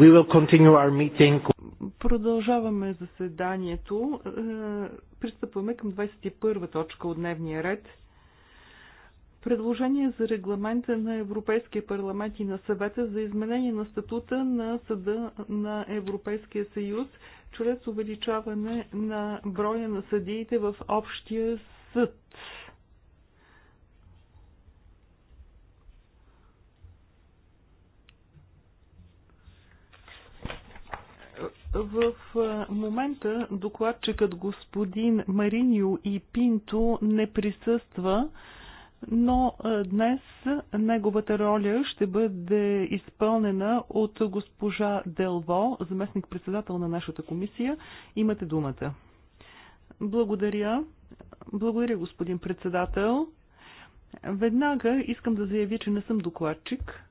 We will continue our meeting. Продължаваме заседанието. Е, пристъпваме към 21 точка от дневния ред. Предложение за регламента на Европейския парламент и на съвета за изменение на статута на Съда на Европейския съюз чрез увеличаване на броя на съдиите в общия съд. В момента докладчикът господин Мариньо и Пинто не присъства, но днес неговата роля ще бъде изпълнена от госпожа Делво, заместник-председател на нашата комисия. Имате думата. Благодаря. Благодаря, господин председател. Веднага искам да заявя, че не съм докладчик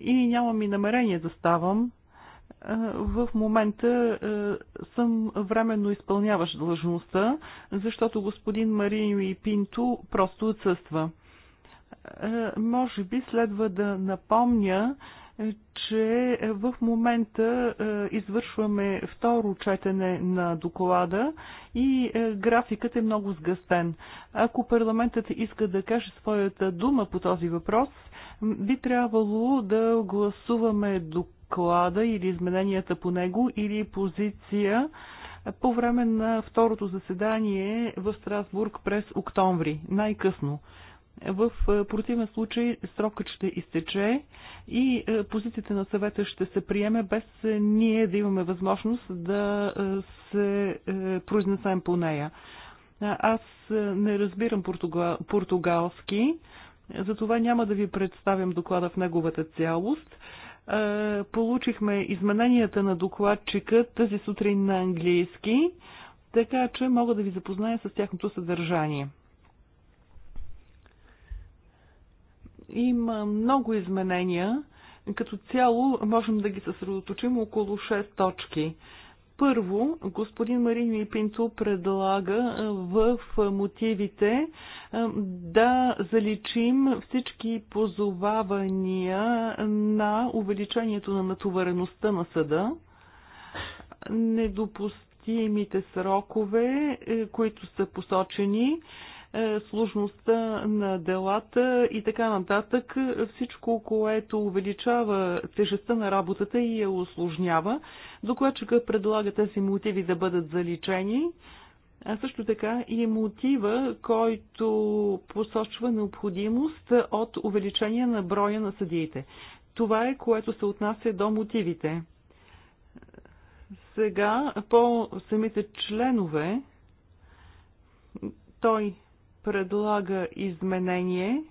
и нямам и намерение да ставам в момента е, съм временно изпълняващ длъжността, защото господин Марио и Пинто просто отсъства. Е, може би следва да напомня, че в момента е, извършваме второ четене на доклада и е, графикът е много сгъстен. Ако парламентът иска да каже своята дума по този въпрос, би трябвало да гласуваме доклада или измененията по него или позиция по време на второто заседание в Страсбург през октомври, най-късно. В е, противен случай срокът ще изтече и е, позицията на съвета ще се приеме без е, ние да имаме възможност да се произнесем по нея. Аз не разбирам португал... португалски, затова няма да ви представям доклада в неговата цялост. Получихме измененията на докладчика тази сутрин на английски, така че мога да ви запозная с тяхното съдържание. Има много изменения. Като цяло можем да ги съсредоточим около 6 точки. Първо, господин Марини Пинто предлага в мотивите да заличим всички позовавания на увеличението на натовареността на съда, недопустимите срокове, е, които са посочени, е, сложността на делата и така нататък. Всичко, което увеличава тежестта на работата и я осложнява. Докладчика предлага тези мотиви да бъдат заличени. А също така и мотива, който посочва необходимост от увеличение на броя на съдиите. Това е което се отнася до мотивите. Сега по самите членове той предлага изменение,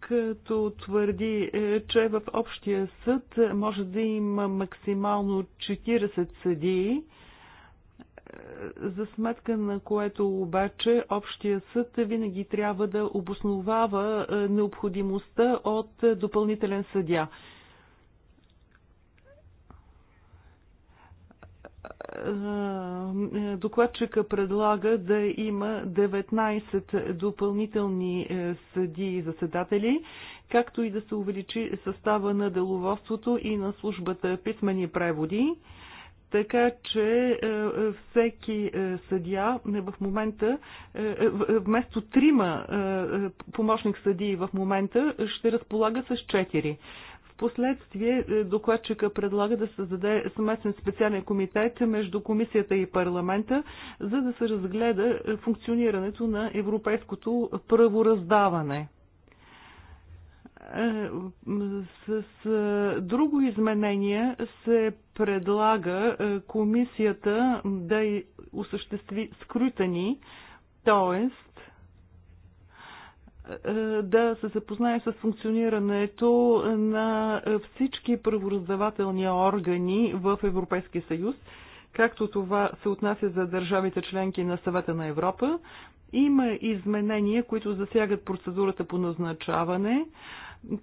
като твърди, е, че в общия съд може да има максимално 40 съдии, е, за сметка на което обаче общия съд винаги трябва да обосновава е, необходимостта от допълнителен съдя. Е, е, докладчика предлага да има 19 допълнителни е, съдии и заседатели, както и да се увеличи състава на деловодството и на службата писмени преводи. Така че всеки съдия в момента, вместо трима помощник съдии в момента, ще разполага с четири последствие е, докладчика предлага да създаде съместен специален комитет между комисията и парламента, за да се разгледа е, функционирането на европейското правораздаване е, с, друго изменение се предлага комисията да осъществи скрутани, т.е. Е, да се запознае с функционирането на всички правораздавателни органи в Европейския съюз, както това се отнася за държавите членки на съвета на Европа. Има изменения, които засягат процедурата по назначаване.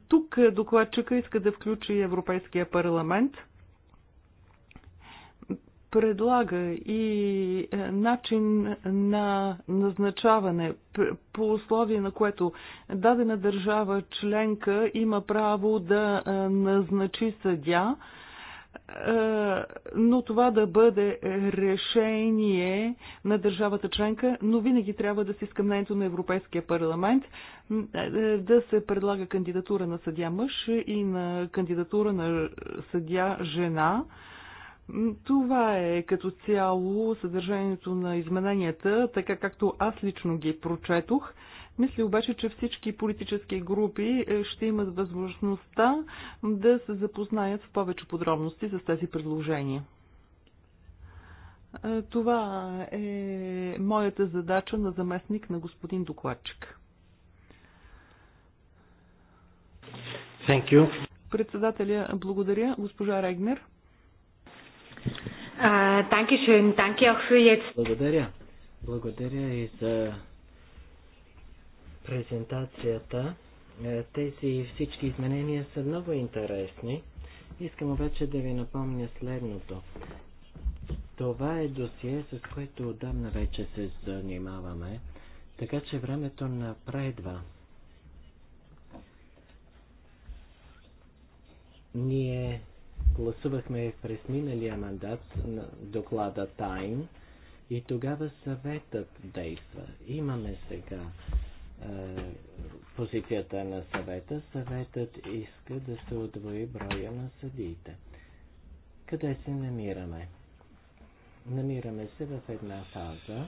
Тук докладчика иска да включи Европейския парламент – предлага и е, начин на назначаване по условие на което дадена държава членка има право да е, назначи съдя, е, но това да бъде решение на държавата членка, но винаги трябва да се иска мнението на Европейския парламент да се предлага кандидатура на съдя мъж и на кандидатура на съдя жена. Това е като цяло съдържанието на измененията, така както аз лично ги прочетох. Мисля обаче, че всички политически групи е, ще имат възможността да се запознаят в повече подробности с тези предложения. Е, това е моята задача на заместник на господин докладчик. Thank you. Председателя, благодаря. Госпожа Регнер. Благодаря. Благодаря и за презентацията. Е, тези всички изменения са много интересни. Искам обаче да ви напомня следното. Това е досие, с което отдавна вече се занимаваме, така че времето напредва. Ние гласувахме през миналия мандат на доклада Тайн и тогава съветът действа. Имаме сега е, позицията на съвета. Съветът иска да се удвои броя на съдиите. Къде се намираме? Намираме се в една фаза,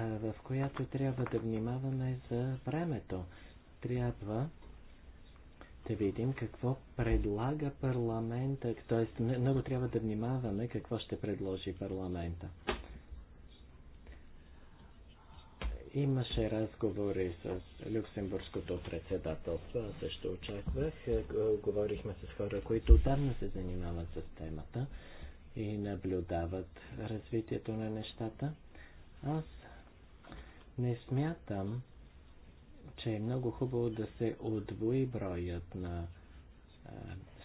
е, в която трябва да внимаваме за времето. Трябва ще видим какво предлага парламента, т.е. много трябва да внимаваме какво ще предложи парламента. Имаше разговори с Люксембургското председателство, аз също очаквах. Е, говорихме с хора, които отдавна се занимават с темата и наблюдават развитието на нещата. Аз не смятам, че е много хубаво да се отвои броят на а,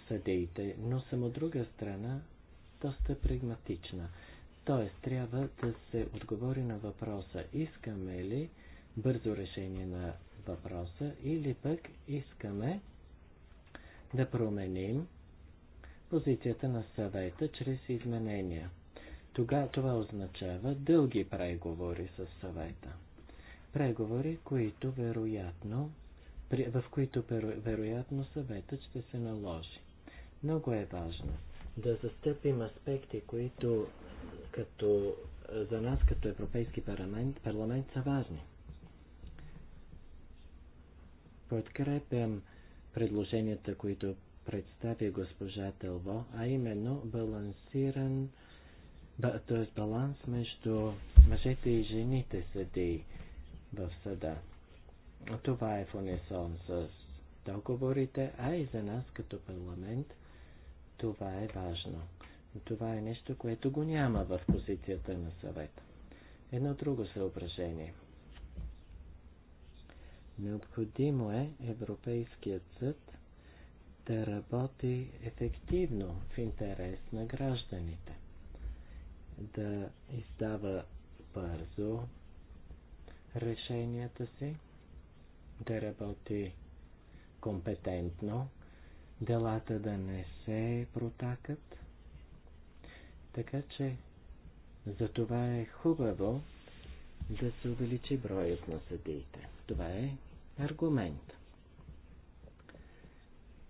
съдеите, но съм от друга страна доста прагматична. Тоест, трябва да се отговори на въпроса, искаме ли бързо решение на въпроса или пък искаме да променим позицията на съвета чрез изменения. Тога това означава дълги преговори с съвета преговори, които вероятно, в които вероятно съветът ще се наложи. Много е важно да застъпим аспекти, които като, за нас като Европейски парламент, парламент са важни. Подкрепям предложенията, които представи госпожа Телво, а именно балансиран, т.е. баланс между мъжете и жените съдеи в съда. Това е в унисон с договорите, а и за нас като парламент това е важно. Това е нещо, което го няма в позицията на съвет. Едно друго съображение. Необходимо е Европейският съд да работи ефективно в интерес на гражданите, да издава бързо решенията си, да работи компетентно, делата да не се протакат. Така че за това е хубаво да се увеличи броят на съдиите. Това е аргумент.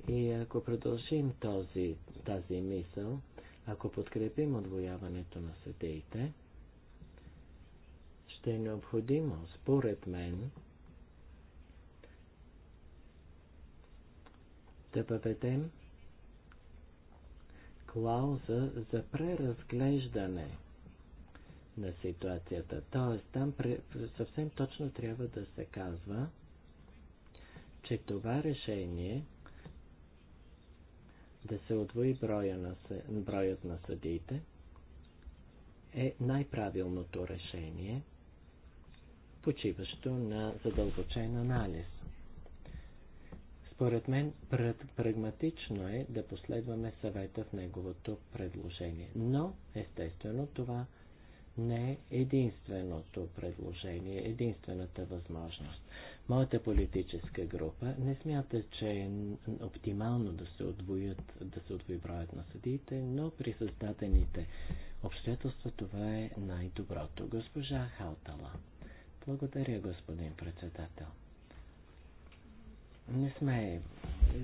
И ако продължим този, тази мисъл, ако подкрепим отвояването на съдиите, ще е необходимо, според мен, да въведем клауза за преразглеждане на ситуацията. Тоест, там съвсем точно трябва да се казва, че това решение да се отвои броя на, броят на съдиите е най-правилното решение – почиващо на задълбочен анализ. Според мен прагматично е да последваме съвета в неговото предложение. Но, естествено, това не е единственото предложение, единствената възможност. Моята политическа група не смята, че е оптимално да се отвоят, да се отвои броят на съдиите, но при създадените обстоятелства това е най-доброто. Госпожа Халтала. Благодаря, господин председател. Не сме.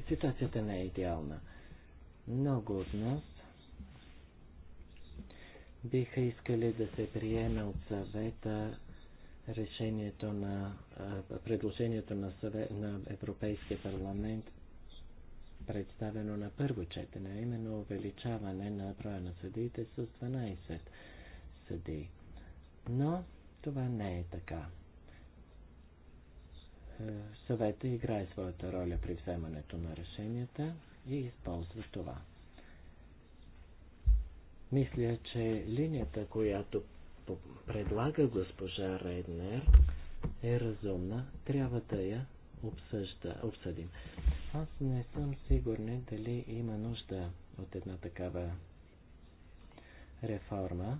Ситуацията не е идеална. Много от нас биха искали да се приеме от съвета решението на предложението на, съвет, на Европейския парламент представено на първо четене, а именно увеличаване на броя на съдиите с 12 съди. Но това не е така. Е, съвета играе своята роля при вземането на решенията и използва това. Мисля, че линията, която предлага госпожа Реднер, е разумна. Трябва да я обсъжда, обсъдим. Аз не съм сигурна дали има нужда от една такава реформа.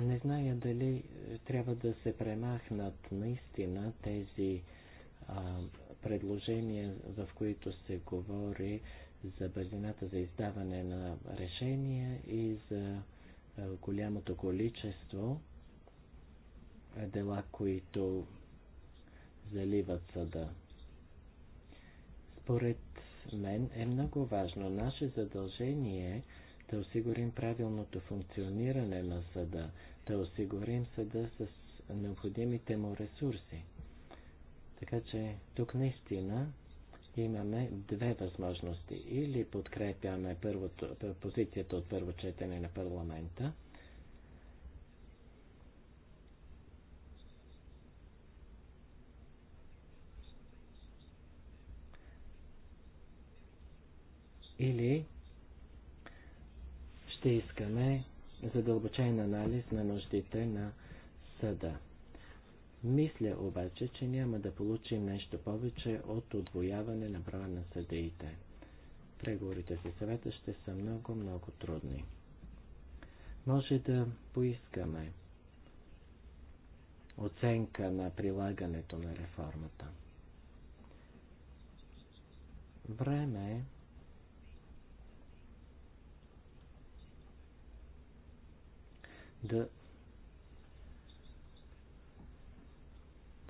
Не зная дали е, трябва да се премахнат наистина тези а, предложения, в които се говори за бързината за издаване на решения и за а, е, голямото количество е, дела, които заливат съда. Според мен е много важно. Наше задължение е да осигурим правилното функциониране на съда, да осигурим съда с необходимите му ресурси. Така че тук наистина имаме две възможности. Или подкрепяме първото, позицията от първо четене на парламента, ще искаме задълбочен анализ на нуждите на съда. Мисля обаче, че няма да получим нещо повече от отвояване на броя на съдеите. Преговорите за съвета ще са много, много трудни. Може да поискаме оценка на прилагането на реформата. Време е да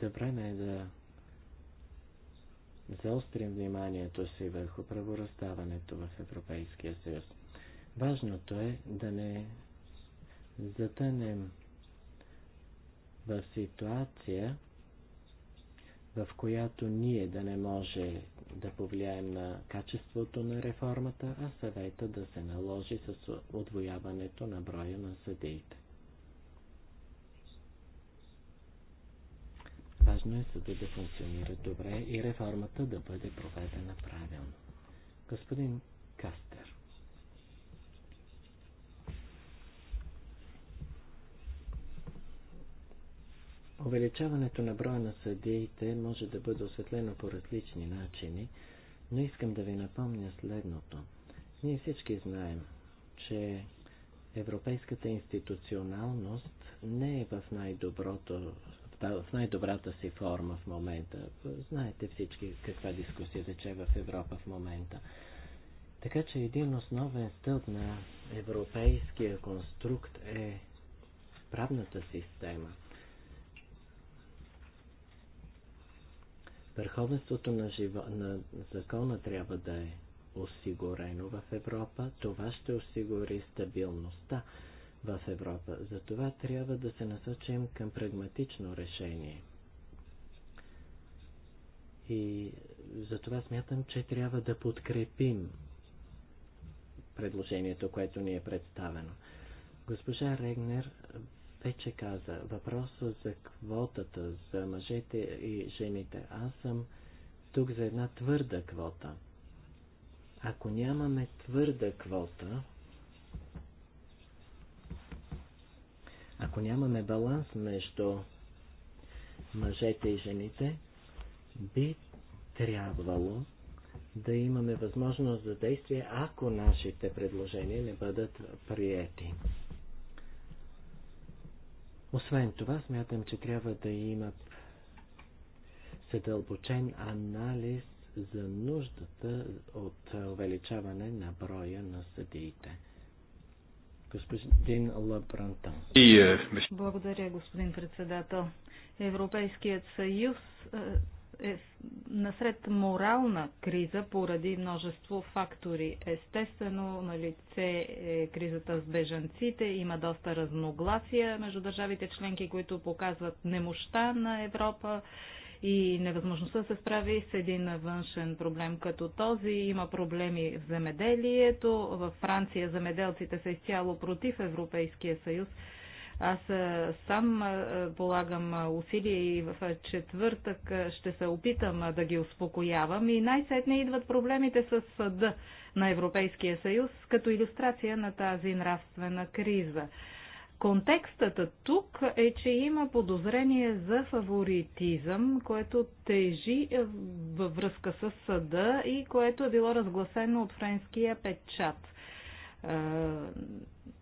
да време е да заострим вниманието си върху правораздаването в Европейския съюз. Важното е да не затънем в ситуация, в която ние да не може да повлияем на качеството на реформата, а съвета да се наложи с отвояването на броя на съдеите. Важно е съда да функционира добре и реформата да бъде проведена правилно. Господин Кастер. Увеличаването на броя на съдиите може да бъде осветлено по различни начини, но искам да ви напомня следното. Ние всички знаем, че европейската институционалност не е в най-доброто в най-добрата си форма в момента. Знаете всички каква дискусия тече в Европа в момента. Така че един основен стълб на европейския конструкт е правната система. Върховенството на, живо... на закона трябва да е осигурено в Европа. Това ще осигури стабилността в Европа. Затова трябва да се насочим към прагматично решение. И затова смятам, че трябва да подкрепим предложението, което ни е представено. Госпожа Регнер вече каза въпроса за квотата за мъжете и жените. Аз съм тук за една твърда квота. Ако нямаме твърда квота, Ако нямаме баланс между мъжете и жените, би трябвало да имаме възможност за действие, ако нашите предложения не бъдат приети. Освен това, смятам, че трябва да има съдълбочен анализ за нуждата от увеличаване на броя на съдиите. Господин Лабрантан. Е, Благодаря, господин председател. Европейският съюз е, е насред морална криза поради множество фактори. Естествено, на лице е кризата с бежанците, има доста разногласия между държавите членки, които показват немощта на Европа и невъзможността да се справи с един външен проблем като този. Има проблеми в земеделието. Във Франция земеделците са изцяло против Европейския съюз. Аз сам полагам усилия и в четвъртък ще се опитам да ги успокоявам. И най-сетне идват проблемите с съда на Европейския съюз като иллюстрация на тази нравствена криза. Контекстът тук е, че има подозрение за фаворитизъм, което тежи е, във връзка с съда и което е било разгласено от френския печат. Е,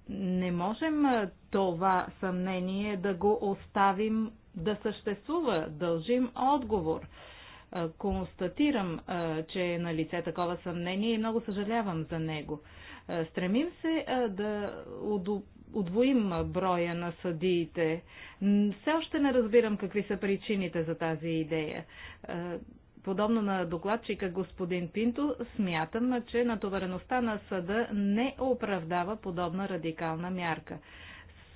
не можем е, това съмнение да го оставим да съществува. Дължим отговор. Констатирам, че е на лице такова съмнение и много съжалявам за него. Стремим се да удвоим броя на съдиите. Все още не разбирам какви са причините за тази идея. Е, подобно на докладчика господин Пинто, смятам, че натовареността на съда не оправдава подобна радикална мярка.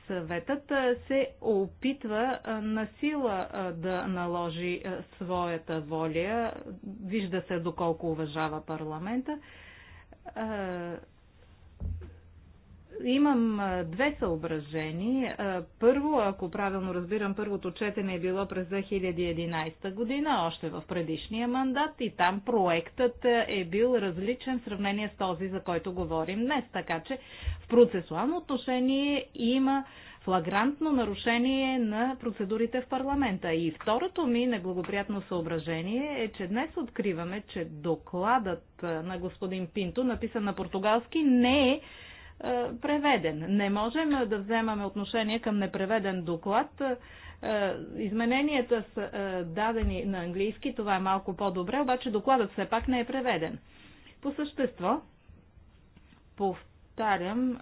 Съветът е, се опитва е, на сила да наложи своята воля, вижда се доколко уважава парламента Имам две съображения. Първо, ако правилно разбирам, първото четене е било през 2011 година, още в предишния мандат и там проектът е бил различен в сравнение с този, за който говорим днес. Така че в процесуално отношение има флагрантно нарушение на процедурите в парламента. И второто ми неблагоприятно съображение е, че днес откриваме, че докладът на господин Пинто, написан на португалски, не е е, преведен. Не можем да вземаме отношение към непреведен доклад. Е, измененията са е, дадени на английски, това е малко по-добре, обаче докладът все пак не е преведен. По същество, повтарям,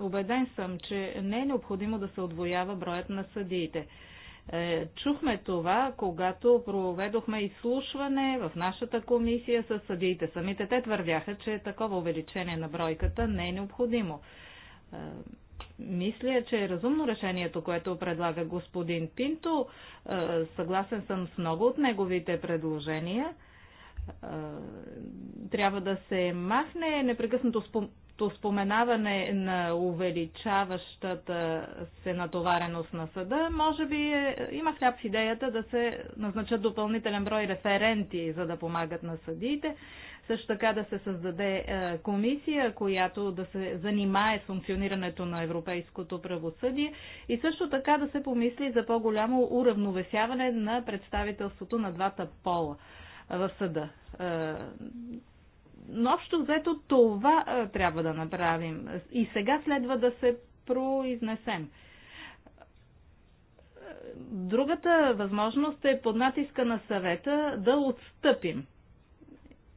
убеден съм, че не е необходимо да се отвоява броят на съдиите. Е, чухме това, когато проведохме изслушване в нашата комисия с съдиите. Самите те твърдяха, че такова увеличение на бройката не е необходимо. Е, мисля, че е разумно решението, което предлага господин Пинто. Е, съгласен съм с много от неговите предложения трябва да се махне непрекъснато то споменаване на увеличаващата се натовареност на съда, може би е, има хляб в идеята да се назначат допълнителен брой референти, за да помагат на съдиите. Също така да се създаде е, комисия, която да се занимае с функционирането на европейското правосъдие и също така да се помисли за по-голямо уравновесяване на представителството на двата пола е, в съда. Е, но общо взето това а, е, трябва да направим. И сега следва да се произнесем. Другата възможност е под натиска на съвета да отстъпим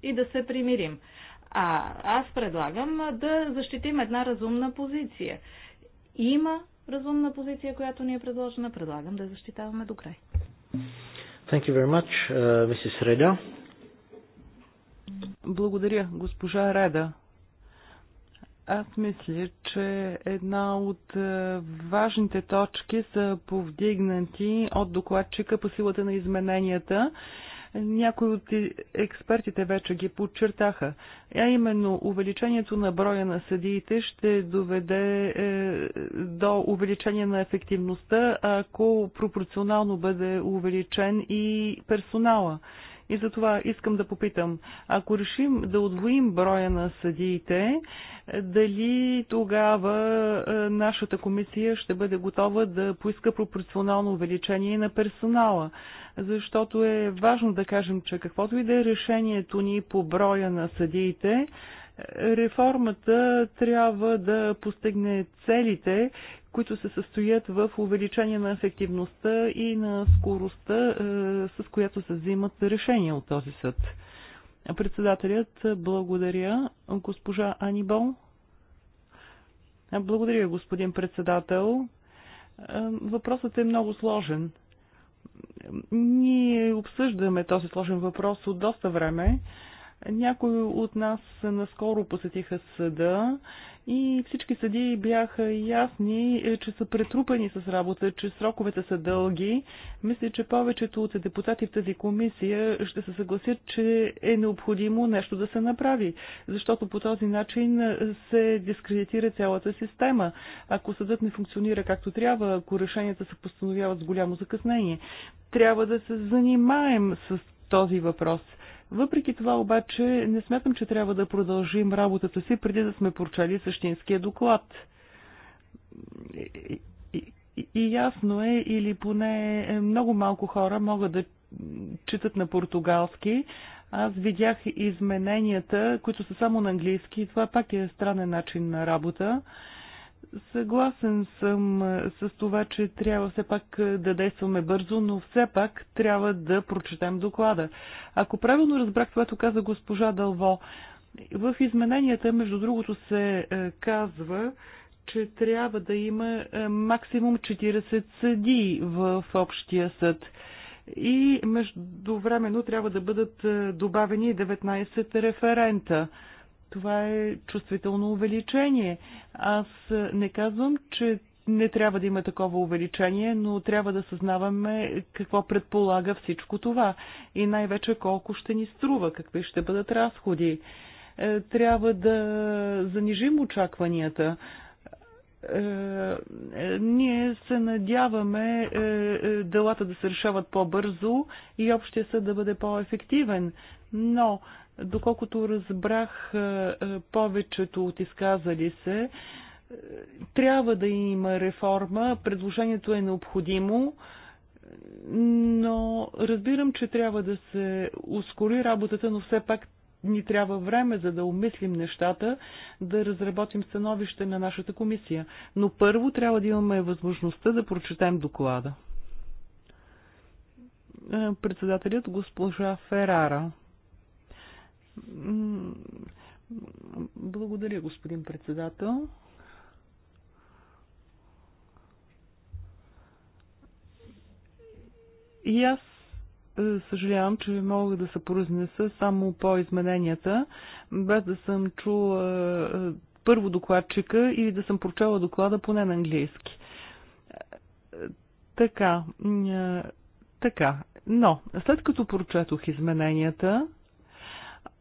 и да се примирим. А аз предлагам да защитим една разумна позиция. Има разумна позиция, която ни е предложена. Предлагам да защитаваме до край. Thank you very much, uh, Mrs. Reda. Благодаря, госпожа Реда. Аз мисля, че една от е, важните точки са повдигнати от докладчика по силата на измененията. Някои от експертите вече ги подчертаха. А именно увеличението на броя на съдиите ще доведе е, до увеличение на ефективността, ако пропорционално бъде увеличен и персонала. И затова искам да попитам, ако решим да отвоим броя на съдиите, дали тогава е, нашата комисия ще бъде готова да поиска пропорционално увеличение на персонала? Защото е важно да кажем, че каквото и да е решението ни по броя на съдиите, е, реформата трябва да постигне целите, които се състоят в увеличение на ефективността и на скоростта, е, с която се взимат решения от този съд. Председателят, благодаря. Госпожа Анибол. Благодаря, господин председател. Е, въпросът е много сложен. Ние обсъждаме този сложен въпрос от доста време. Някои от нас наскоро посетиха съда и всички съдии бяха ясни, е, че са претрупани с работа, че сроковете са дълги. Мисля, че повечето от депутати в тази комисия ще се съгласят, че е необходимо нещо да се направи, защото по този начин се дискредитира цялата система. Ако съдът не функционира както трябва, ако решенията се постановяват с голямо закъснение, трябва да се занимаем с този въпрос – въпреки това обаче не смятам, че трябва да продължим работата си преди да сме прочели същинския доклад. И, и, и ясно е, или поне много малко хора могат да читат на португалски. Аз видях измененията, които са само на английски и това пак е странен начин на работа. Съгласен съм с това, че трябва все пак да действаме бързо, но все пак трябва да прочетем доклада. Ако правилно разбрах това, което каза госпожа Дълво, в измененията, между другото, се казва, че трябва да има максимум 40 съдии в общия съд. И междувременно трябва да бъдат добавени 19 референта. Това е чувствително увеличение. Аз не казвам, че не трябва да има такова увеличение, но трябва да съзнаваме какво предполага всичко това и най-вече колко ще ни струва, какви ще бъдат разходи. Е, трябва да занижим очакванията. Е, е, ние се надяваме делата да се решават по-бързо и общия съд да бъде по-ефективен, но Доколкото разбрах е, е, повечето от изказали се, е, трябва да има реформа, предложението е необходимо, но разбирам, че трябва да се ускори работата, но все пак ни трябва време, за да умислим нещата, да разработим становище на нашата комисия. Но първо трябва да имаме възможността да прочетем доклада. Председателят госпожа Ферара. Благодаря, господин председател. И аз е, съжалявам, че мога да се произнеса само по измененията, без да съм чула е, първо докладчика или да съм прочела доклада поне на английски. Така, е, така. Но, след като прочетох измененията,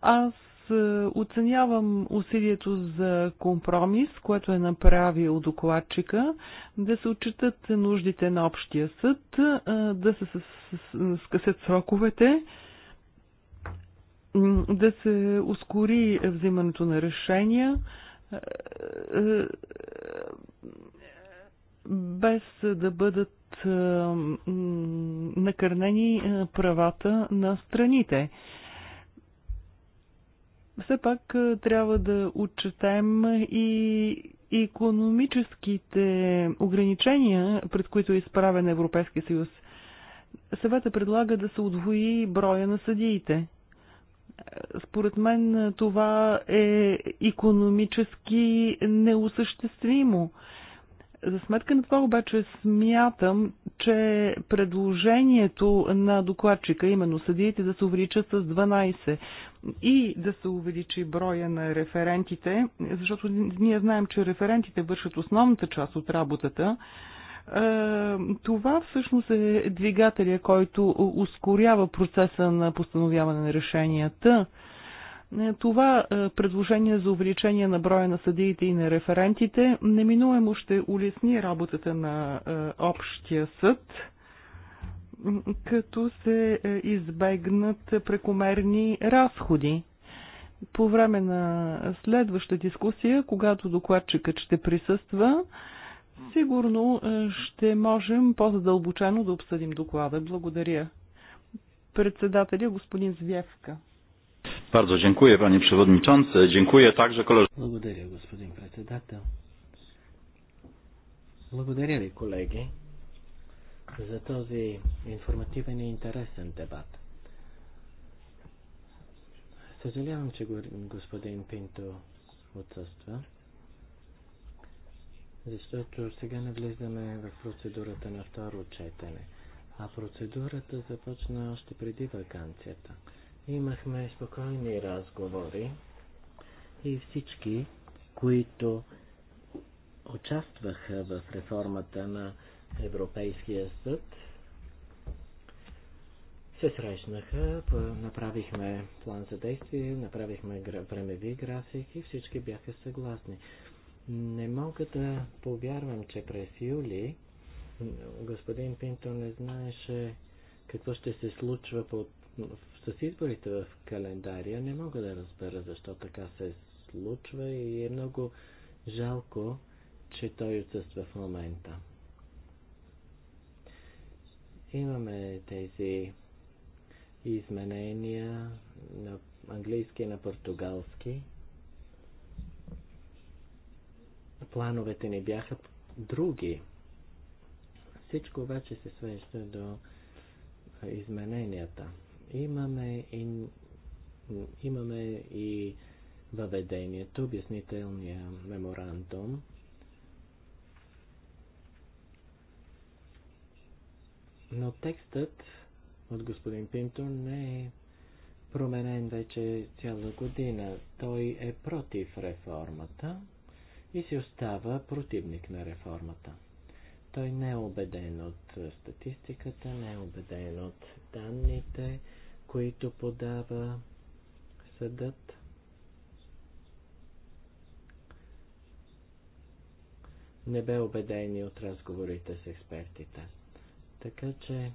аз е, оценявам усилието за компромис, което е направил докладчика, да се отчитат нуждите на общия съд, е, да се скъсят сроковете, да се ускори взимането на решения, е, без да бъдат накърнени правата на страните все пак е, трябва да отчетем и економическите ограничения, пред които е изправен Европейския съюз. Съвета предлага да се отвои броя на съдиите. Според мен е, това е економически неосъществимо. За сметка на това обаче смятам, че предложението на докладчика, именно съдиите да се увеличат с 12 и да се увеличи броя на референтите, защото ние знаем, че референтите вършат основната част от работата, е, това всъщност е двигателя, който ускорява процеса на постановяване на решенията. Е, това е, предложение за увеличение на броя на съдиите и на референтите неминуемо ще улесни работата на е, общия съд, като се избегнат прекомерни разходи. По време на следваща дискусия, когато докладчикът ще присъства, сигурно ще можем по-задълбочено да обсъдим доклада. Благодаря. Председателя господин Звявка. Bardzo dziękuję, panie przewodniczący. Dziękuję także koleżankom. Благодаря, ви, колеги, за този информативен и интересен дебат. Съжалявам, че господин Пинто защото сега не влизаме в процедурата на второ четене, а процедурата започна още преди вакансията – Имахме спокойни разговори и всички, които участваха в реформата на Европейския съд, се срещнаха, направихме план за действие, направихме времеви графики и всички бяха съгласни. Не мога да повярвам, че през юли господин Пинто не знаеше какво ще се случва по, с изборите в календария не мога да разбера защо така се случва и е много жалко, че той отсъства в момента. Имаме тези изменения на английски и на португалски. Плановете ни бяха други. Всичко обаче се свежда до измененията. Имаме и, имаме и въведението, обяснителния меморандум, но текстът от господин Пинто не е променен вече цяла година. Той е против реформата и си остава противник на реформата. Той не е убеден от статистиката, не е убеден от данните, които подава съдът. Не бе убедени от разговорите с експертите. Така че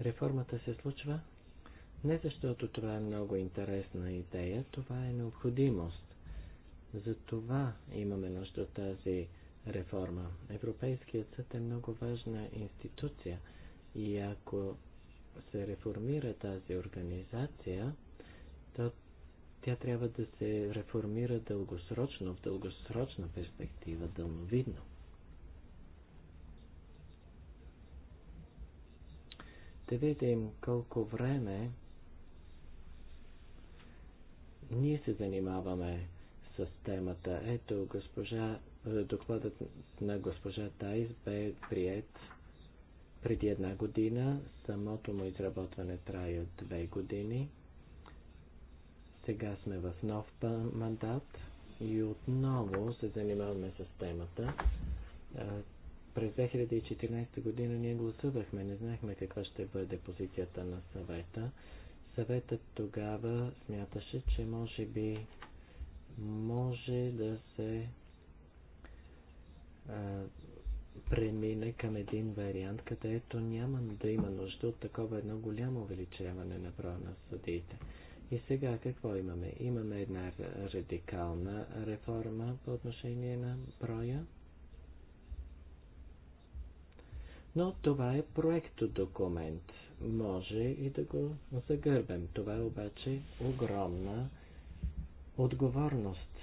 реформата се случва не защото това е много интересна идея, това е необходимост. За това имаме нужда от тази реформа. Европейският съд е много важна институция – и ако се реформира тази организация, то тя трябва да се реформира дългосрочно, в дългосрочна перспектива, дълновидно. Да видим колко време ние се занимаваме с темата. Ето, госпожа, докладът на госпожа Тайс бе прият преди една година. Самото му изработване трае две години. Сега сме в нов мандат и отново се занимаваме с темата. През 2014 година ние гласувахме, не знаехме каква ще бъде позицията на съвета. Съветът тогава смяташе, че може би може да се премине към един вариант, където няма да има нужда от такова едно голямо увеличаване на броя на съдиите. И сега какво имаме? Имаме една радикална реформа по отношение на броя. Но това е проекто документ. Може и да го загърбем. Това е обаче огромна отговорност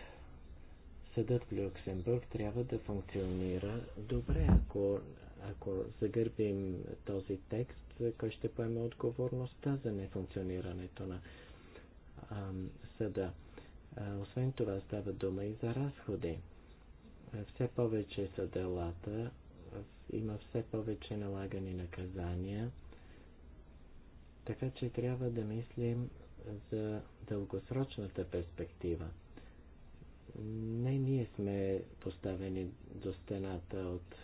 съдът в Люксембург трябва да функционира добре. Ако, ако загърбим този текст, кой ще поеме отговорността за нефункционирането на а, съда? А, освен това става дума и за разходи. Все повече са делата, има все повече налагани наказания, така че трябва да мислим за дългосрочната перспектива – не ние сме поставени до стената от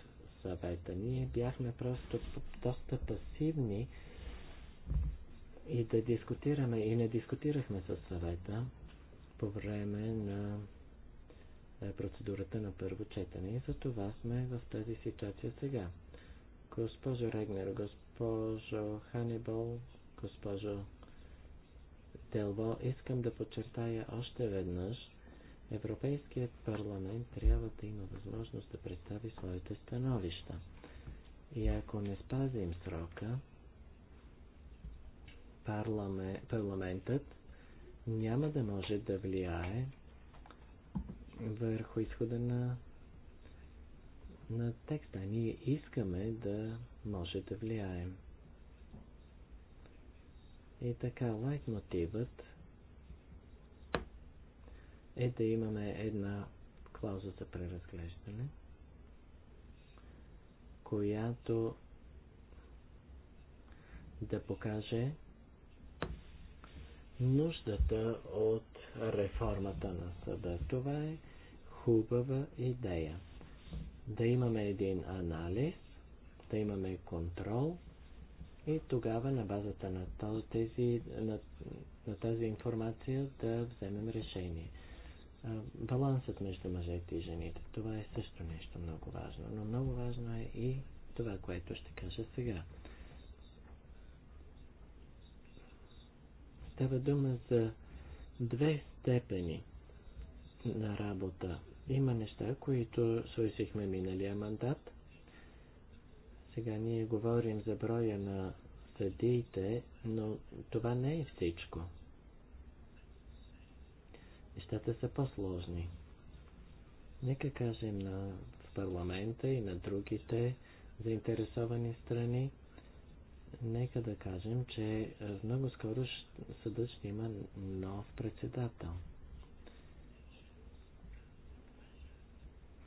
съвета. Ние бяхме просто доста пасивни и да дискутираме, и не дискутирахме с съвета по време на е, процедурата на първо четене. И за това сме в тази ситуация сега. Госпожо Регнер, госпожо Ханибол, госпожо Делво, искам да подчертая още веднъж, Европейският парламент трябва да има възможност да представи своите становища. И ако не спазим срока, парламентът няма да може да влияе върху изхода на, на текста. Ние искаме да може да влияем. И така, лайт мотивът е да имаме една клауза за преразглеждане, която да покаже нуждата от реформата на съда. Това е хубава идея. Да имаме един анализ, да имаме контрол и тогава на базата на, тези, на, на тази информация да вземем решение балансът между мъжете и жените. Това е също нещо много важно, но много важно е и това, което ще кажа сега. Става дума за две степени на работа. Има неща, които свършихме миналия мандат. Сега ние говорим за броя на съдиите, но това не е всичко нещата са по-сложни. Нека кажем на парламента и на другите заинтересовани страни, нека да кажем, че много скоро съдът ще има нов председател.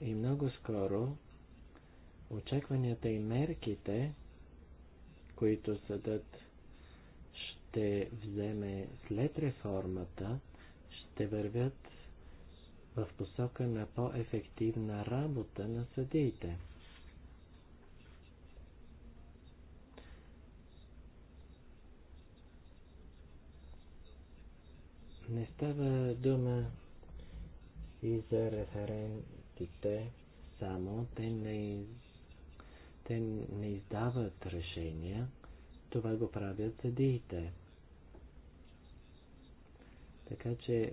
И много скоро очакванията и мерките, които съдът ще вземе след реформата, те вървят в посока на по-ефективна работа на съдиите. Не става дума и за референтите само. Те не, те не издават решения. Това го правят съдиите. Така че,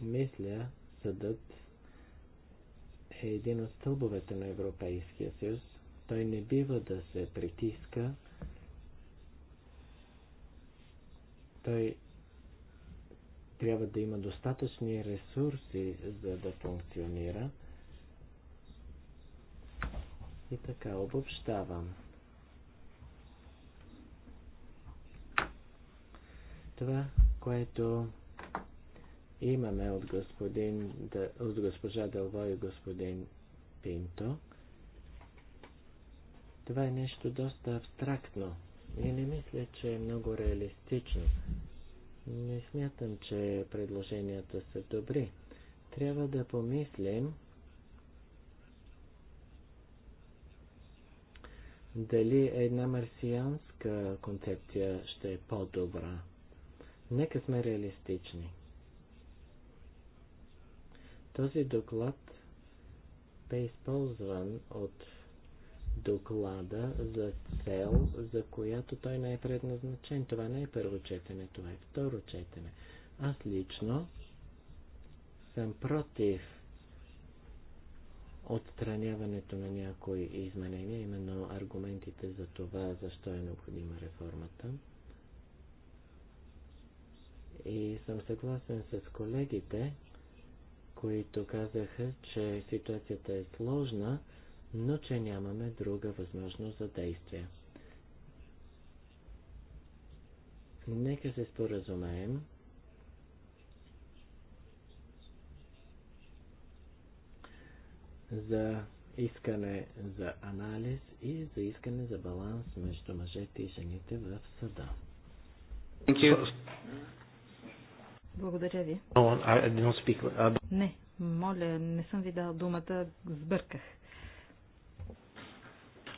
мисля, съдът е един от стълбовете на Европейския съюз. Той не бива да се притиска. Той трябва да има достатъчни ресурси, за да функционира. И така обобщавам. Това, което имаме от, господин, от госпожа Дълво и господин Пинто. Това е нещо доста абстрактно и не мисля, че е много реалистично. Не смятам, че предложенията са добри. Трябва да помислим дали една марсианска концепция ще е по-добра. Нека сме реалистични. Този доклад бе използван от доклада за цел, за която той не е предназначен. Това не е първо четене, това е второ четене. Аз лично съм против отстраняването на някои изменения, именно аргументите за това, защо е необходима реформата. И съм съгласен с колегите, които казаха, че ситуацията е сложна, но че нямаме друга възможност за действие. Нека се споразумеем. за искане за анализ и за искане за баланс между мъжете и жените в съда. Благодаря ви. No, I, I speak... Не, моля, не съм ви дал думата, сбърках.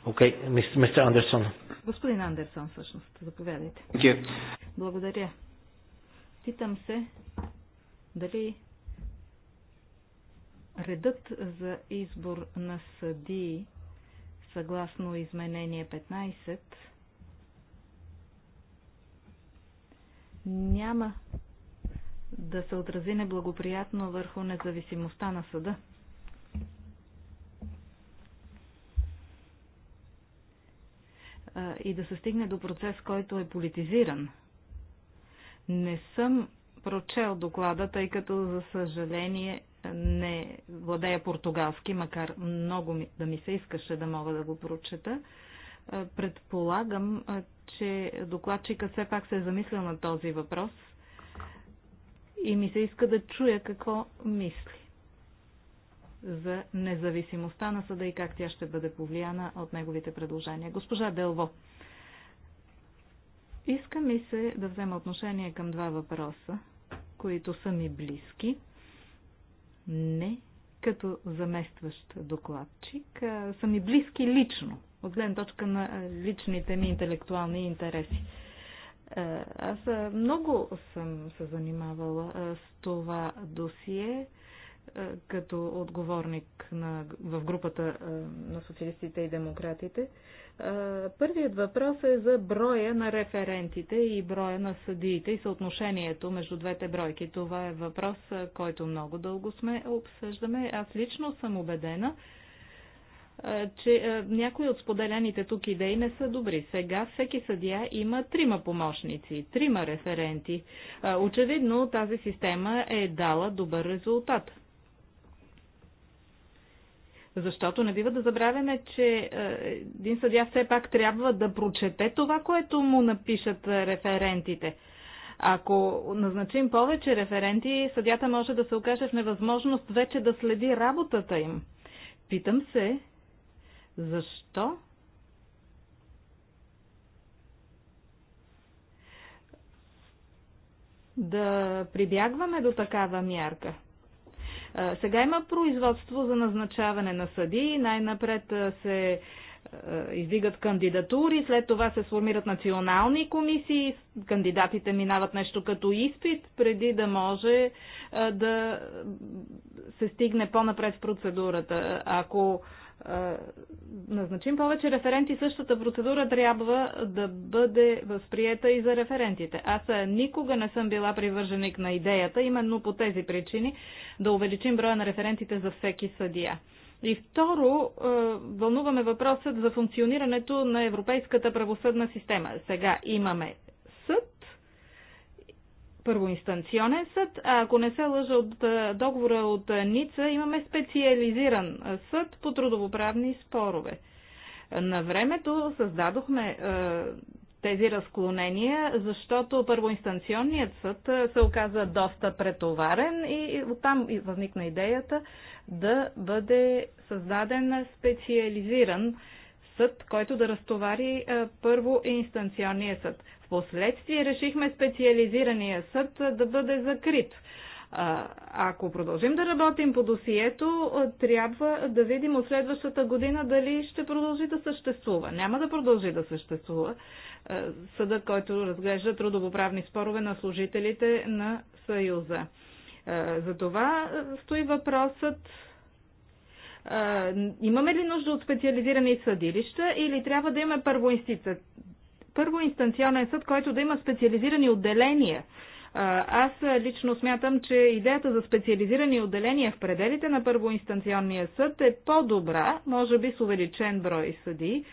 Окей, мистер Андерсон. Господин Андерсон, всъщност, заповядайте. Благодаря. Питам се дали редът за избор на съдии съгласно изменение 15 няма да се отрази неблагоприятно върху независимостта на съда. И да се стигне до процес, който е политизиран. Не съм прочел доклада, тъй като, за съжаление, не владея португалски, макар много ми, да ми се искаше да мога да го прочета. Предполагам, че докладчика все пак се е замислил на този въпрос – и ми се иска да чуя какво мисли за независимостта на съда и как тя ще бъде повлияна от неговите предложения. Госпожа Делво, иска ми се да взема отношение към два въпроса, които са ми близки. Не като заместващ докладчик, а са ми близки лично, от гледна точка на личните ми интелектуални интереси. Е, аз е, много съм се занимавала е, с това досие като отговорник на, в групата на социалистите и демократите. Първият въпрос е за броя на референтите и броя на съдиите и съотношението между двете бройки. Това е въпрос, който много дълго сме обсъждаме. Аз лично съм убедена, че някои от споделяните тук идеи не са добри. Сега всеки съдия има трима помощници, трима референти. Очевидно тази система е дала добър резултат. Защото не бива да забравяме, че един съдия все пак трябва да прочете това, което му напишат референтите. Ако назначим повече референти, съдята може да се окаже в невъзможност вече да следи работата им. Питам се защо? Да прибягваме до такава мярка. Сега има производство за назначаване на съди. Най-напред се издигат кандидатури, след това се сформират национални комисии, кандидатите минават нещо като изпит, преди да може да се стигне по-напред в процедурата. Ако назначим повече референти, същата процедура трябва да бъде възприета и за референтите. Аз никога не съм била привърженик на идеята, именно по тези причини, да увеличим броя на референтите за всеки съдия. И второ, вълнуваме въпросът за функционирането на европейската правосъдна система. Сега имаме първоинстанционен съд, а ако не се лъжа от договора от Ница, имаме специализиран съд по трудовоправни спорове. На времето създадохме тези разклонения, защото първоинстанционният съд се оказа доста претоварен и оттам възникна идеята да бъде създаден специализиран съд, който да разтовари е, първо инстанционния съд. Впоследствие решихме специализирания съд е, да бъде закрит. Е, ако продължим да работим по досието, трябва да видим от следващата година дали ще продължи да съществува. Няма да продължи да съществува съда, който разглежда трудовоправни спорове на служителите на Съюза. За това стои въпросът имаме ли нужда от специализирани съдилища или трябва да имаме първоинстанционен съд, който да има специализирани отделения? Аз лично смятам, че идеята за специализирани отделения в пределите на първоинстанционния съд е по-добра, може би с увеличен брой съди.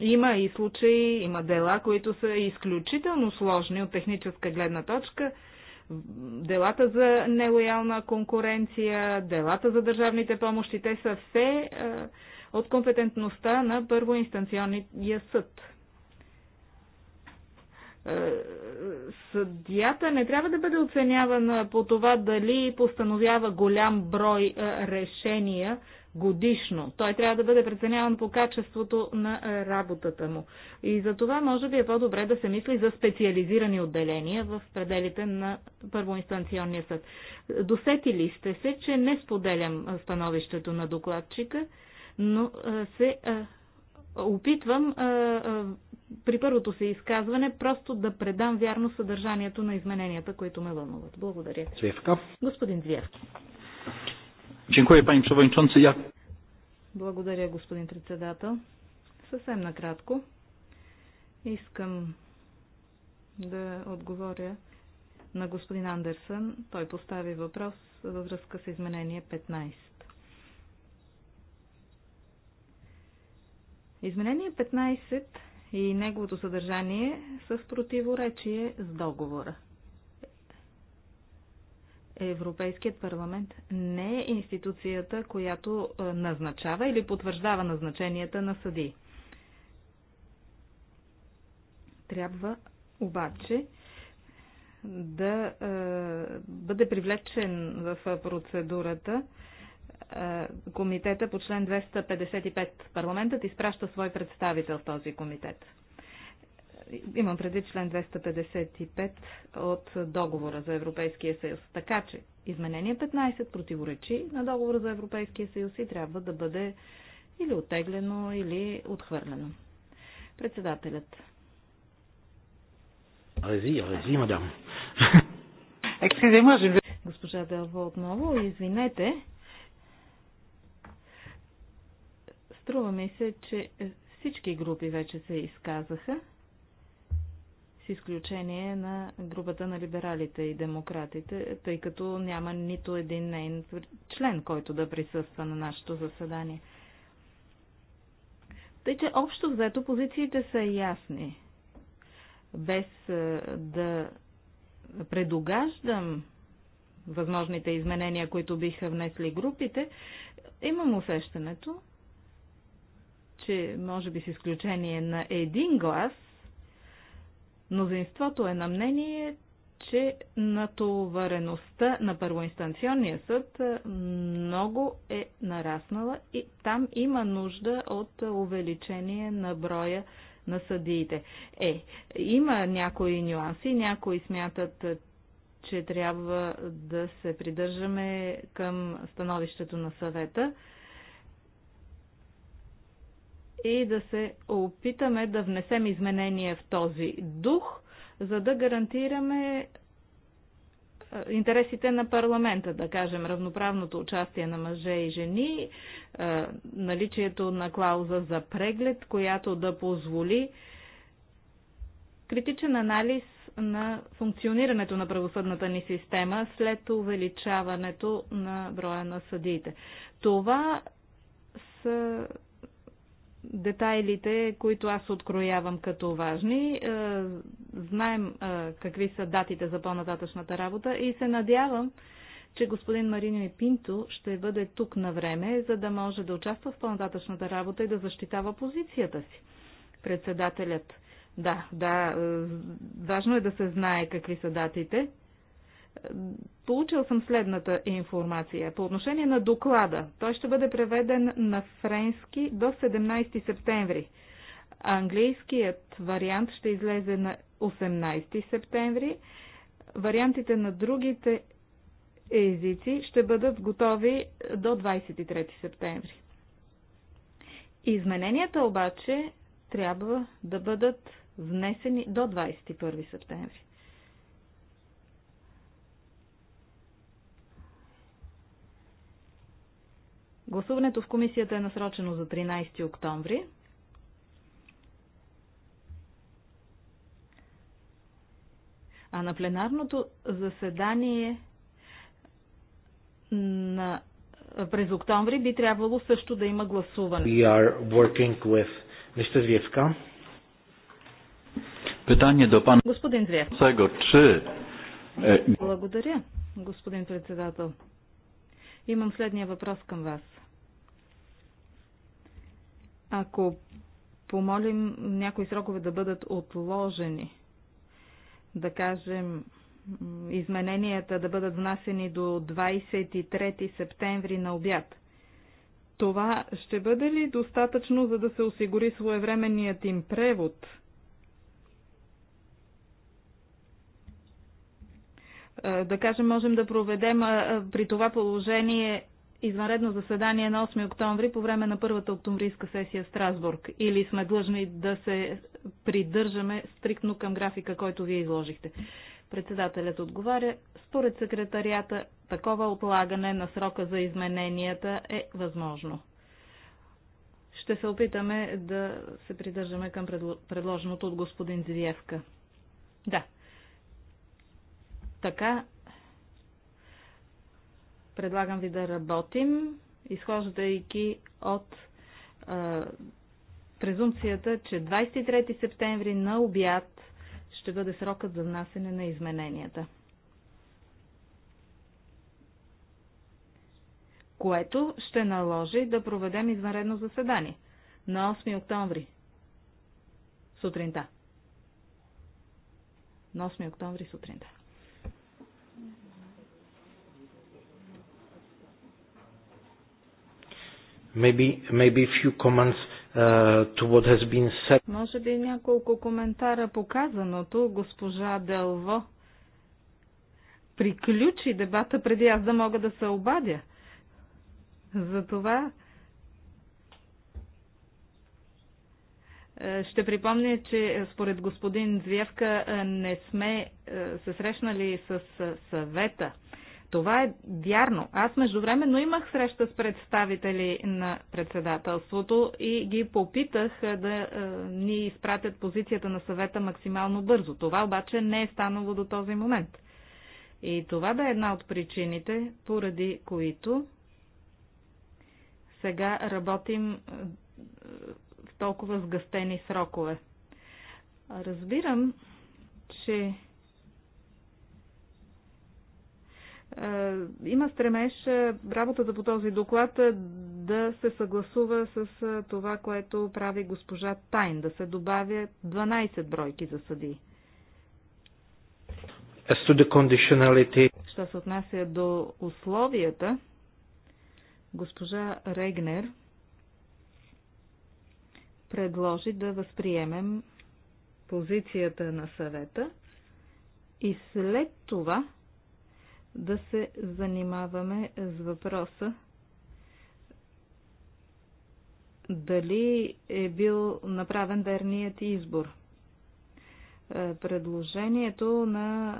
Има и случаи, има дела, които са изключително сложни от техническа гледна точка – делата за нелоялна конкуренция, делата за държавните помощи, те са все е, от компетентността на първоинстанционния съд. Е, съдията не трябва да бъде оценявана по това дали постановява голям брой е, решения годишно. Той трябва да бъде преценяван по качеството на работата му. И за това може би е по-добре да се мисли за специализирани отделения в пределите на първоинстанционния съд. Досетили сте се, че не споделям становището на докладчика, но се опитвам при първото си изказване просто да предам вярно съдържанието на измененията, които ме вълнуват. Благодаря. Цвевка. Господин Звявки. Дякую, пани Пшевенчонце. Я... Благодаря, господин председател. Съвсем накратко. Искам да отговоря на господин Андерсън. Той постави въпрос във връзка с изменение 15. Изменение 15 и неговото съдържание са в противоречие с договора – Европейският парламент не е институцията, която е, назначава или потвърждава назначенията на съдии. Трябва обаче да е, бъде привлечен в процедурата е, комитета по член 255. Парламентът изпраща свой представител в този комитет. Имам преди член 255 от договора за Европейския съюз. Така че изменение 15 противоречи на договора за Европейския съюз и трябва да бъде или отеглено, или отхвърлено. Председателят. Алези, рези, мадам. Госпожа Делва отново, извинете. Струва ми се, че всички групи вече се изказаха с изключение на групата на либералите и демократите, тъй като няма нито един нейн член, който да присъства на нашето заседание. Тъй, че общо взето позициите са ясни. Без е, да предогаждам възможните изменения, които биха внесли групите, имам усещането, че може би с изключение на един глас, Мнозинството е на мнение, че натовареността на първоинстанционния съд е, много е нараснала и там има нужда от увеличение на броя на съдиите. Е, има някои нюанси, някои смятат, е, че трябва да се придържаме към становището на съвета и да се опитаме да внесем изменения в този дух, за да гарантираме е, интересите на парламента, да кажем, равноправното участие на мъже и жени, е, наличието на клауза за преглед, която да позволи критичен анализ на функционирането на правосъдната ни система след увеличаването на броя на съдиите. Това са детайлите, които аз откроявам като важни. Е, знаем е, какви са датите за по-нататъчната работа и се надявам, че господин Марино и Пинто ще бъде тук на време, за да може да участва в по-нататъчната работа и да защитава позицията си. Председателят. Да, да, е, важно е да се знае какви са датите. Получил съм следната информация. По отношение на доклада, той ще бъде преведен на френски до 17 септември. Английският вариант ще излезе на 18 септември. Вариантите на другите езици ще бъдат готови до 23 септември. Измененията обаче трябва да бъдат внесени до 21 септември. Гласуването в комисията е насрочено за 13 октомври. А на пленарното заседание на, през октомври би трябвало също да има гласуване. We are working with Mr. Zwiewka. Питание до пана Господин че... Е, Благодаря, господин председател. Имам следния въпрос към вас. Ако помолим някои срокове да бъдат отложени, да кажем измененията да бъдат внасени до 23 септември на обяд, това ще бъде ли достатъчно, за да се осигури своевременният им превод – Е, да кажем, можем да проведем при това положение извънредно заседание на 8 октомври по време на първата октомврийска сесия в Страсбург? Или сме длъжни да се придържаме стриктно към графика, който вие изложихте? Председателят отговаря, според секретарията, такова отлагане на срока за измененията е възможно. Ще се опитаме да се придържаме към предложеното от господин Звиевка. Да, така предлагам ви да работим, изхождайки от а, презумцията, че 23 септември на обяд ще бъде срокът за внасене на измененията. Което ще наложи да проведем извънредно заседание на 8 октомври сутринта. На 8 октомври сутринта. Maybe, few comments uh, to what has been said. Може би няколко коментара по казаното. Госпожа Делво приключи дебата преди аз да мога да се обадя. Затова е, ще припомня, че според господин Звявка е, не сме е, се срещнали с съвета това е вярно. Аз междувременно имах среща с представители на председателството и ги попитах да ни изпратят позицията на съвета максимално бързо. Това обаче не е станало до този момент. И това да е една от причините, поради които сега работим в толкова сгъстени срокове. Разбирам, че Е, има стремеж е, работата по този доклад е, да се съгласува с това, което прави госпожа Тайн, да се добавя 12 бройки за съдии. Що се отнася до условията, госпожа Регнер предложи да възприемем позицията на съвета и след това да се занимаваме с въпроса дали е бил направен верният избор. Е, предложението на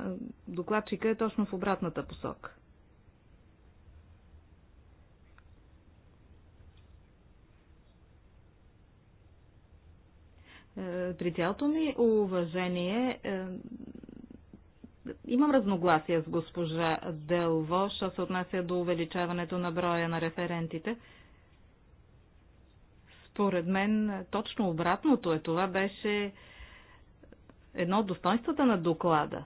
докладчика е точно в обратната посока. Е, при цялото ми уважение е, Имам разногласия с госпожа Делво, що се отнася до увеличаването на броя на референтите. Според мен точно обратното е. Това беше едно от достоинствата на доклада.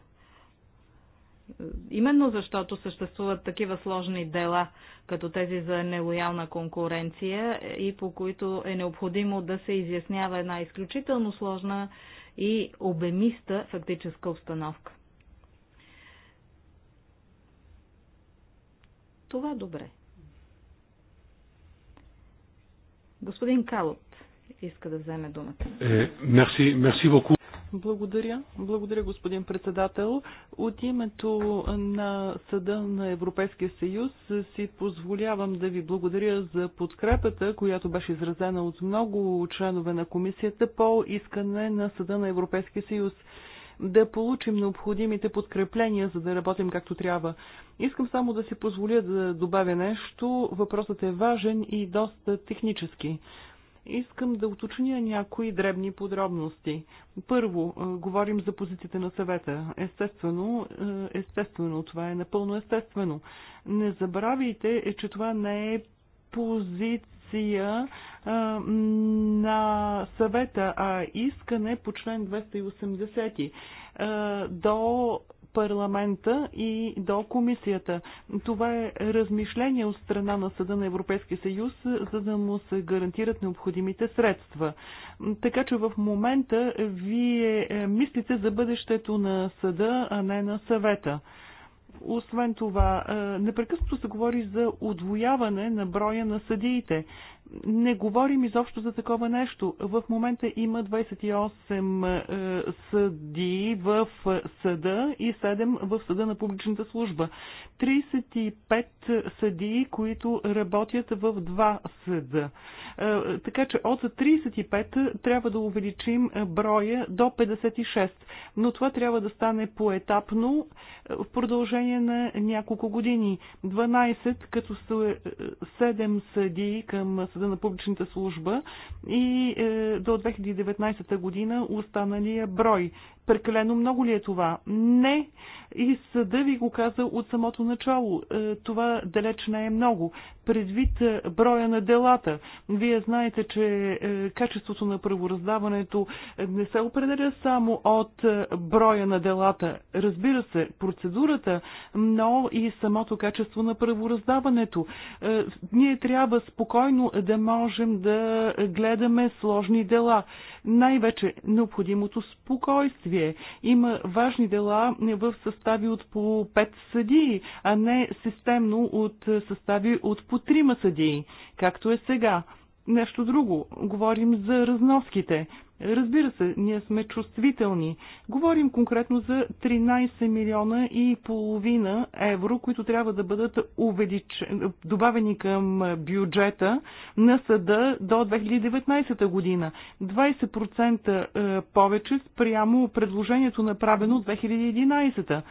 Именно защото съществуват такива сложни дела, като тези за нелоялна конкуренция и по които е необходимо да се изяснява една изключително сложна и обемиста фактическа обстановка. това добре. Господин Калот иска да вземе думата. Е, мерси, мерси боку. Благодаря. Благодаря, господин председател. От името на Съда на Европейския съюз си позволявам да ви благодаря за подкрепата, която беше изразена от много членове на комисията по искане на Съда на Европейския съюз да получим необходимите подкрепления, за да работим както трябва. Искам само да си позволя да добавя нещо. Въпросът е важен и доста технически. Искам да уточня някои дребни подробности. Първо, е, говорим за позицията на съвета. Естествено, е, естествено, това е напълно естествено. Не забравяйте, е, че това не е позиция позиция на съвета, а искане по член 280 до парламента и до комисията. Това е размишление от страна на Съда на Европейския съюз, за да му се гарантират необходимите средства. Така че в момента вие е, мислите за бъдещето на Съда, а не на съвета. Освен това, е, непрекъснато се говори за отвояване на броя на съдиите. Не говорим изобщо за такова нещо. В момента има 28 е, съди в съда и 7 в съда на публичната служба. 35 съдии, които работят в два съда. Е, така че от 35 трябва да увеличим броя до 56. Но това трябва да стане поетапно е, в продължение на няколко години. 12 като 7 е, съдии към съда на публичната служба и е, до 2019 година останалия брой. Прекалено много ли е това? Не. И съда ви го каза от самото начало. Е, това далеч не е много. Предвид е, броя на делата. Вие знаете, че е, качеството на правораздаването не се определя само от броя на делата. Разбира се, процедурата, но и самото качество на правораздаването. Ние трябва спокойно да можем да гледаме сложни дела. Най-вече необходимото спокойствие следствие. Има важни дела в състави от по 5 съдии, а не системно от състави от по 3 съдии, както е сега. Нещо друго. Говорим за разноските. Разбира се, ние сме чувствителни. Говорим конкретно за 13 милиона и половина евро, които трябва да бъдат увелич... добавени към бюджета на съда до 2019 година. 20% е, повече спрямо предложението направено от 2011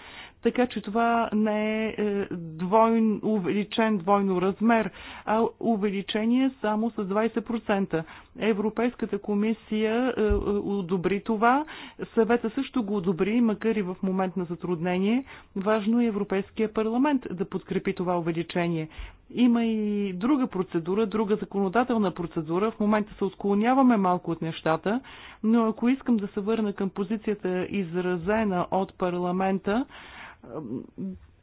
така че това не е, е двойн, увеличен двойно размер, а увеличение само с 20%. Европейската комисия е, е, одобри това, съвета също го одобри, макар и в момент на затруднение. Важно е Европейския парламент да подкрепи това увеличение. Има и друга процедура, друга законодателна процедура. В момента се отклоняваме малко от нещата, но ако искам да се върна към позицията изразена от парламента,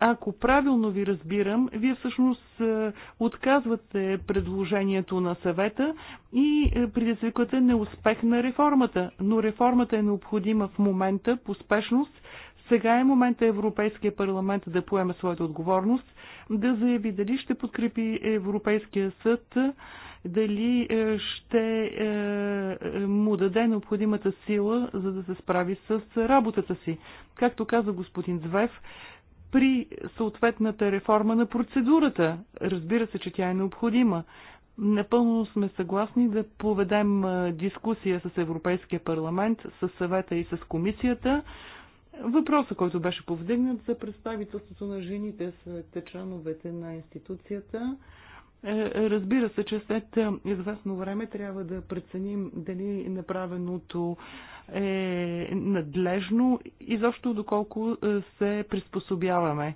ако правилно ви разбирам, вие всъщност е, отказвате предложението на съвета и е, предизвиквате неуспех на реформата. Но реформата е необходима в момента по спешност. Сега е момента Европейския парламент да поеме своята отговорност, да заяви дали ще подкрепи Европейския съд е, дали е, ще е, му даде необходимата сила, за да се справи с работата си. Както каза господин Звев, при съответната реформа на процедурата, разбира се, че тя е необходима, Напълно сме съгласни да поведем е, дискусия с Европейския парламент, с съвета и с комисията. Въпросът, който беше повдигнат за представителството на жените сред течановете на институцията, е, е, разбира се, че след е, известно време трябва да преценим дали направеното е надлежно и защо доколко се приспособяваме.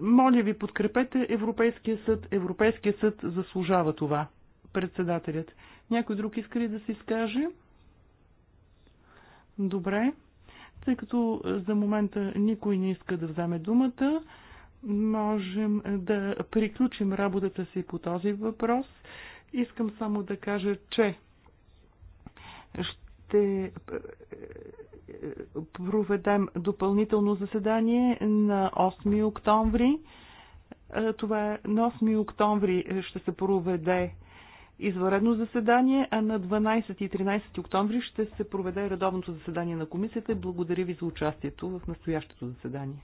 Моля ви, подкрепете Европейския съд. Европейския съд заслужава това. Председателят. Някой друг иска ли да се изкаже? Добре. Тъй като за момента никой не иска да вземе думата, можем да приключим работата си по този въпрос. Искам само да кажа, че ще е, проведем допълнително заседание на 8 октомври. Е, това е на 8 октомври ще се проведе извънредно заседание, а на 12 и 13 октомври ще се проведе редовното заседание на комисията. Благодаря ви за участието в настоящото заседание.